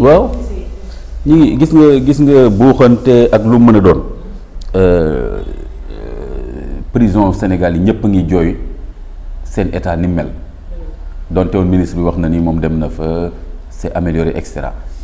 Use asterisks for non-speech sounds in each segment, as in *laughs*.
waaw ñu ngi gis nga gis nga buuxante ak lu mën a doon euh, euh, prison Sénégal yi ñëpp a ngi jooy seen état ni mel donte woon ministre bi wax na ni moom dem na fa c'est amélioré et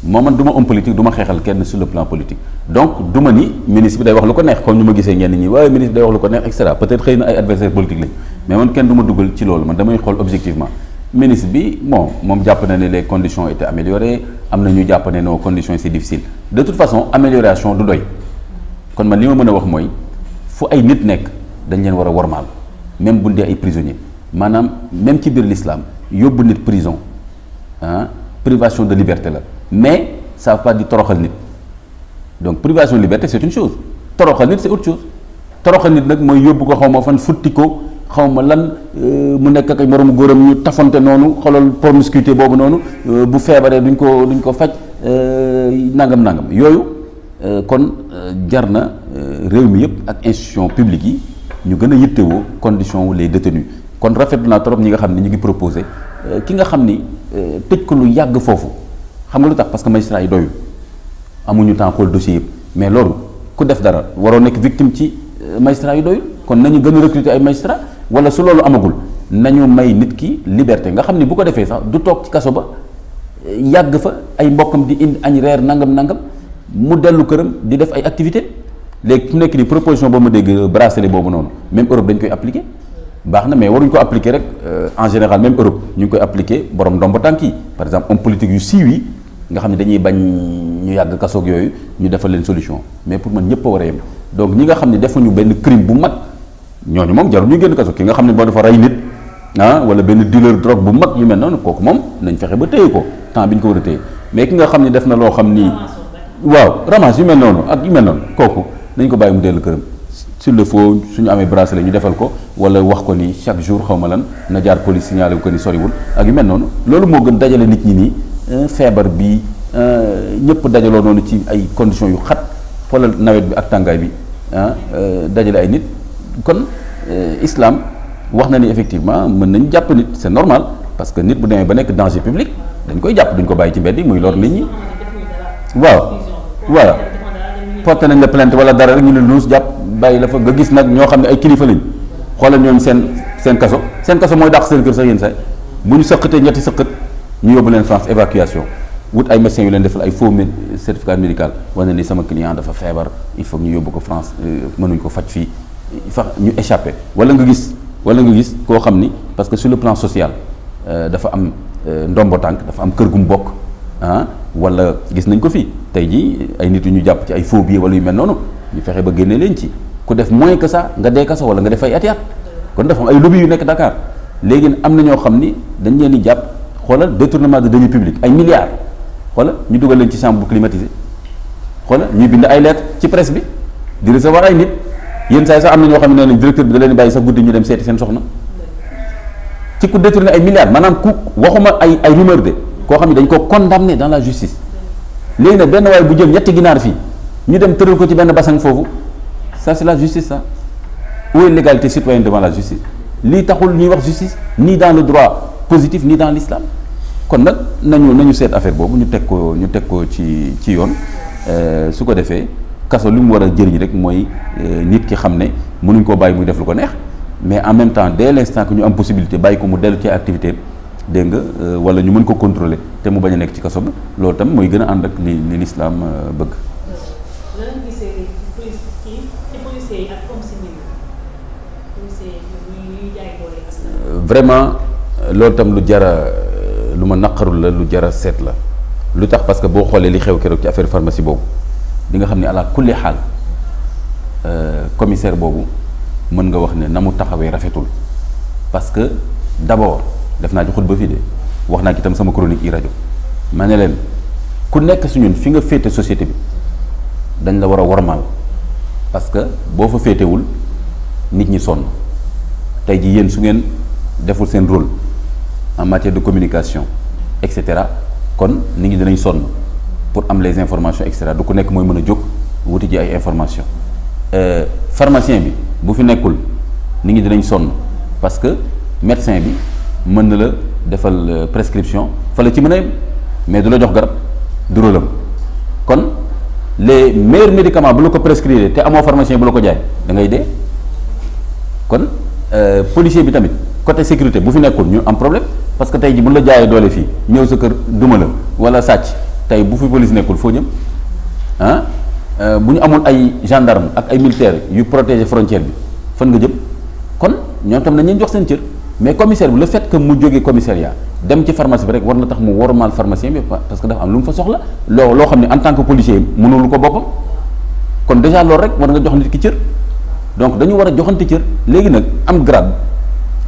moo man du ma politique du xeexal kenn sur le plan politique donc du ma ni ministre bi day wax lu ko neex comme ñu ma gisee ñenn ñi waaye ministre bi day wax lu ko neex et peut-être xëy na ay adversaires politiques lañ mais man kenn du dugal ci loolu man damay xool objectivement ministre bi moom moom jàpp na ne les conditions étaient améliorées am na ñu jàpp ne nos conditions c'est difficile de toute façon amélioration du doy kon ma li ma mën a wax mooy fu ay nit nekk dañ leen war a wormaal même bu dee ay prisonniers maanaam même ci biir l'islam yóbbu nit prison ah privation de liberté la mais ça pas di toroxal nit donc privation de liberté c'est une chose toroxal nit c'est autre chose toroxal nit nag mooy yóbbu ko xaw ma fan futti ko xaw ma lan euh, mu nekk ak moromu góoram ñu tafante noonu xoolal promiscuité boobu noonu euh, bu feebaree duñ ko duñ ko faj euh, nangam nangam yooyu kon jar na réew mi yëpp ak institution publique yi ñu gën a yittewoo condition wu les détenus kon rafet naa trop ñi nga xam ne ñu ngi proposé ki nga xam ni tëj ko lu yàgg foofu xam nga lu tax parce que magistrat yi doyul amuñu temps xool dossier yëpp mais loolu ku def dara waroo nekk victime ci magistrat yi doyul kon nañu gën a recruter ay magistrat wala su loolu amagul nañu may nit ki liberté nga xam ni bu ko defee sax du toog ci kaso ba yàgg fa ay mbokkam di indi añ reer nangam nangam mu dellu këram di def ay activité léegi su nekk ni proposition boo ma dégg euh, bracelet boobu noonu même Europe dañ koy appliquer baax na mais waruñ ko appliquer rek euh, en général même Europe ñu ngi koy appliquer borom ndombo tànk yi par exemple homme politique yu siiw yi nga xam ne dañuy bañ ñu yàgg kasoog yooyu ñu defal leen solution mais pour man ñëpp war a yem donc ñi nga xam ne defuñu benn crime bu mag. ñooñu moom jarul ñu génn kaso ki nga xam ne boo dafa rey nit ah wala benn dealer drogue bu mag yu mel noonu kooku moom nañ fexe ba téye ko temps bi ñu ko war a téye mais ki nga xam ne def na loo xam ni waaw ramasse yu mel noonu ak yu mel noonu kooku nañ ko bàyyi mu dell këram s'il le faut suñu amee bracelet ñu defal ko wala wax ko ni chaque jour xaw ma lan na jaar police signalé wu ko ni soriwul ak yu mel noonu loolu moo gën dajale nit ñi nii euh, feebar bi euh, ñëpp dajaloo noonu ci ay conditions yu xat xoolal nawet bi ak tàngaay bi ah euh, dajale ay nit. kon euh, islaam wax na ni effectivement mën nañ jàpp nit c'est normal parce que nit bu demee ba nekk danger public dañ koy jàpp duñ ko bàyyi ci mbedd yi muy lor nit ñi waaw voilà porté nañ la plainte wala dara rek ñu ne luus jàpp bàyyi la fa nga gis nag ñoo xam ne ay kilifa lañ xoolal ñooñu seen seen kaso seen kaso mooy dàq seen kër sax yéen saay bu ñu sëqatee ñetti sëqat ñu yóbbu leen France évacuation wut ay médecins yu leen defal ay faux certificat médical wane ni sama client dafa feebar il faut ñu yóbbu ko France euh, mënuñ ko faj fii fax ñu échappé wala nga gis wala nga gis koo xam ni parce que sur le plan social euh, dafa am euh, ndombo tànk dafa am kër gu mu bokk ah wala gis nañ ko fii tey jii ay nit yu ñu jàpp ci ay phobie wala yu mel noonu ñu fexe ba génne leen ci ku def moins que ça nga dee kaso wala nga def ay ati at kon dafa ay lobby yu nekk Dakar léegi am na ñoo xam ni dañ leen di jàpp xoolal détournement de deniers publics ay milliards xoolal ñu dugal leen ci chambre climatisée xoolal ci bi yenn saa yi sax am na ñoo xam ne nee nañ directeur bi da leen bàyyi sax guddi ñu dem seeti seen soxna ci ku détourné ay milliards maanaam ku waxuma ay ay rumeur de koo xam ne dañ ko condamné dans la justice léegi nag benn waaye bu jël ñetti ginaar fii ñu dem tëral ko ci benn basang foofu ça c'est la justice ça où est l'égalité citoyenne devant la justice lii taxul ñuy wax justice nii dans le droit positif ni dans l'islam kon nag nañu nañu seet affaire boobu ñu teg ko ñu teg ko ci ci yoon euh, su ko defee kaso li mu war a jëriñ rek mooy euh, nit ki xam ne mënuñ koo bàyyi muy def lu ko neex mais en même temps dès l' instant que ñu am possibilité bàyyi ko mu dellu ci activité dégg nga euh, wala ñu mën ko contrôler te mu bañ a nekk ci kaso bi loolu itam mooy gën a ànd ak li li lislaam euh, bëgg. vraiment loolu itam lu jara lu ma naqarul la lu jara seet la lu tax parce que boo xoolee li xew keroog ci affaire pharmacie boobu. di nga xam ne ala kulli xaal euh, commissaire boobu mën nga wax ne na mu taxawee rafetul parce que d'abord def naa ci ba fii de wax naa ci itam sama chronique yi rajo ma ne leen ku nekk su ñun fi nga féete société bi dañ la war a wormaal parce que boo fa féetewul nit ñi sonn tey ji yéen su ngeen deful seen rôle en matière de communication et cetera kon nit ñi dinañ sonn pour am les informations et du ko nekk mooy mën a jóg wuti ji ay information euh, pharmacien bi bu fi nekkul nit ñi dinañ sonn parce que médecin bi mën na la defal euh, prescription fa la ci mën a yem mais du la jox garab du kon les meilleurs médicaments bu la ko prescrire te amoo pharmacien bu la ko jaay da ngay dee kon euh, policier bi tamit côté sécurité bu fi nekkul ñu am problème parce que tey ji bu la jaayee doole fii ñëw sa kër duma la wala sàcc tey bu fi police nekkul foo jëm ah euh, bu ñu amul ay gendarme ak ay militaire yu protéger frontière bi fan nga jëm kon ñoom tam nañ leen jox seen cër mais commissaire bi le fait que mu jógee commissariat dem ci pharmacie bi rek war na tax mu wormaal pharmacien bi parce que dafa am lu mu fa soxla loo loo xam ne en tant que policier mënul ko boppam kon déjà loolu rek war nga jox nit ki cër donc dañu war a joxante cër léegi nag am grade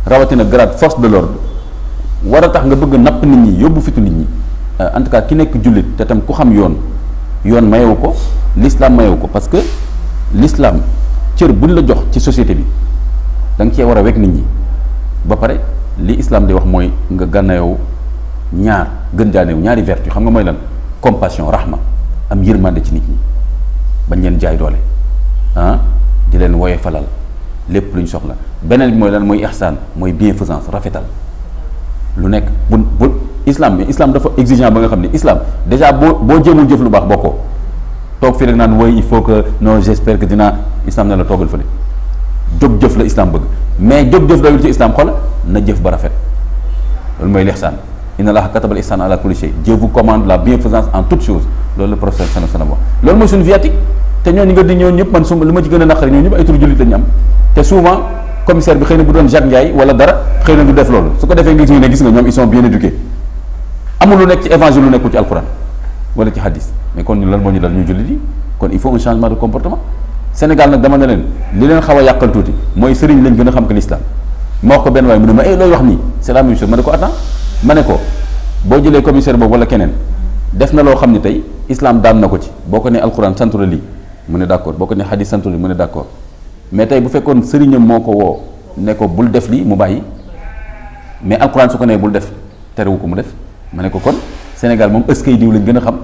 rawatina grade force de l'ordre war a tax nga bëgg napp nit ñi yóbbu fitu nit ñi Euh, en tout ki nekk jullit te tam ku xam yoon yoon mayewu ko lislaam mayewu ko parce que l'islam cër buñ la jox ci société bi danga cee war a wekk nit ñi ba pare li islam di wax mooy nga gànnaaw ñaar gën jaaneew ñaari vertu xam nga mooy lan compassion rahma am yërmande ci nit ñi bañ leen jaay doole ah di leen woye falal lépp luñ soxla beneen bi mooy lan mooy ihsaan mooy bienfaisance rafetal lu nekk bu bu islam mais islam dafa exigeant ba nga xam ne islam déjà boo boo jéemul jëf lu baax bokkoo toog fii rek naan woy il faut que non j'espère que dinaa islam ne la toogal fële jóg jëf la islam bëgg mais jóg jëf doyul ci na jëf ba rafet loolu mooy lixsaan inna allaha katabal ihsaan ala kulli shay Dieu vous commande la bienfaisance en toute chose loolu la prophète sallallahu alayhi wa loolu mooy suñu viatique te ñooñu nga di ñoo ñëpp man su li ma gën a naqari ñoo ñëpp ay tur jullit lañu am te def loolu su ko defee amul lu nekk ci évangile lu nekkul ci alquran wala ci hadis mais kon ñu lan moo ñu dal ñu jullit yi kon il faut un changement de comportement Sénégal nag dama ne leen li leen xaw a yàqal tuuti mooy sëriñ lañ gën a xam que l'islam ma wax ko benn waaye mu ne ma eh looy wax nii ko attends ma ne ko boo jëlee commissaire boobu wala keneen def na loo xam ne tey islam daan na ko ci boo ko ne alquran santu lii mu ne d'accord boo ko ne hadis santu la mu ne d'accord mais tey bu fekkoon sëriñam moo ko woo ne ko bul def lii mu bàyyi mais alquran su ko nee bul def terewu ko mu def ma ne ko kon Sénégal moom est-ce que diw lañ gën a xam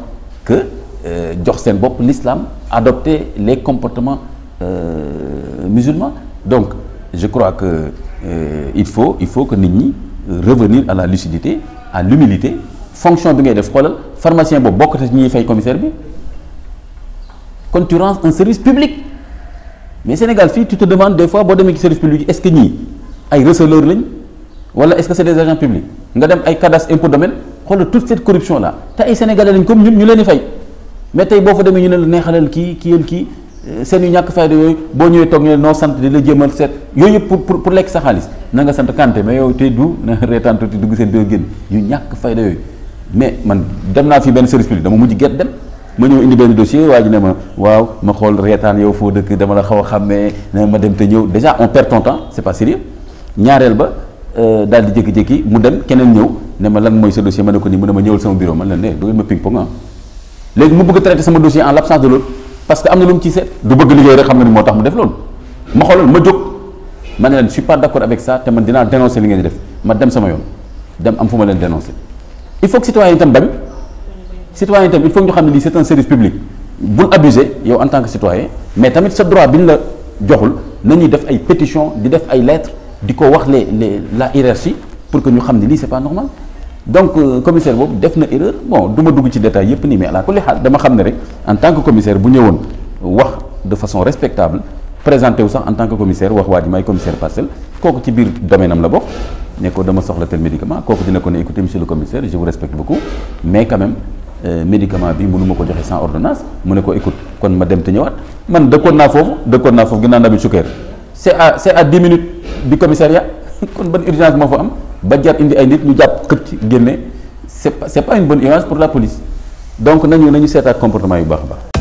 que euh, jox seen bopp lislaam adopter les comportements euh, musulmans donc je crois que euh, il faut il faut que nit ñi revenir à la lucidité à l'humilité fonction bi ngay def xoolal pharmacien boobu bokk te ñuy fay commissaire bi kon tu rends un service public mais Sénégal fii tu te demandes boo demee ci service public est-ce que ñii ay receleurs lañ wala est-ce que c'est des agents publics nga dem ay cadastre impôt domaine xoolal toute cette corruption là te ay sénégalais lañ comme ñun ñu leen fay mais tey boo fa demee ñu ne la neexalal kii kii yal kii euh, seen yu ñàkk fayda yooyu boo ñëwee toog ñu ne noo sant di la jéemal seet yooyu yëpp pour pour lekk sa xaalis na nga sant Kanté mais yow tey du na reetaan tuuti dugg seen doo génn yu ñàkk fayda yooyu mais man dem naa fi benn service public dama mujj gerte dem ma ñëw indi benn dossier waa ne ma waaw ma xool reetaan yow foo dëkk dama la xaw a xàmmee ne ma dem te ñëw déjà on perd ton temps c'est pas sérieux ñaareel ba Euh, daal di jékki-jékki mu dem keneen ñëw ne ma lan mooy sa dossier ma ne ko nii mu ne ma ñëwal sama bureau man la ne du ngeen eh, ma ping pong ah léegi mu bëgg traité sama dossier en l'absence de l'autre parce que am na lu mu ciy seet du moo ma xooloon ma jóg ma ne leen je suis pas d'accord avec ça te man dinaa dénoncer li dem sama yoon dem am fu ma leen dénoncer il faut que citoyen itam bañ citoyen itam il faut ñu xam ne lii c'est un service public bul abuser yow en tant que citoyen mais tamit sa droit bi ñu la joxul nañuy def ay pétition di def ay lettres di ko wax les les la hiérarchie pour que ñu xam ne lii c'est pas normal donc euh, commissaire boobu def na erreur bon du ma dugg ci détail yépp nii mais alaa kulli xaal dama xam ne rek en tant que commissaire bu ñëwoon wax de façon respectable présenté wu sax en tant que commissaire wax waa ji may commissaire parcelle kooku ci biir domaine am la bokk ne ko dama soxla tel médicament kooku dina ko ne écoutez monsieur le commissaire je vous respecte beaucoup euh, ma ko joxe sans ordonnance mu ne ko écoute kon ma dem te ñëwaat man dëkkoon naa foofu dëkkoon naa foofu ginnaaw ndami sukkeer c'est du commissariat *laughs* kon ban urgence moo fa am ba jar indi ay nit ñu jàpp xëpp ci génne c'est pas c'est pas une bonne urgence pour la police donc nañu nañu seetaat comportement yu baax a baax.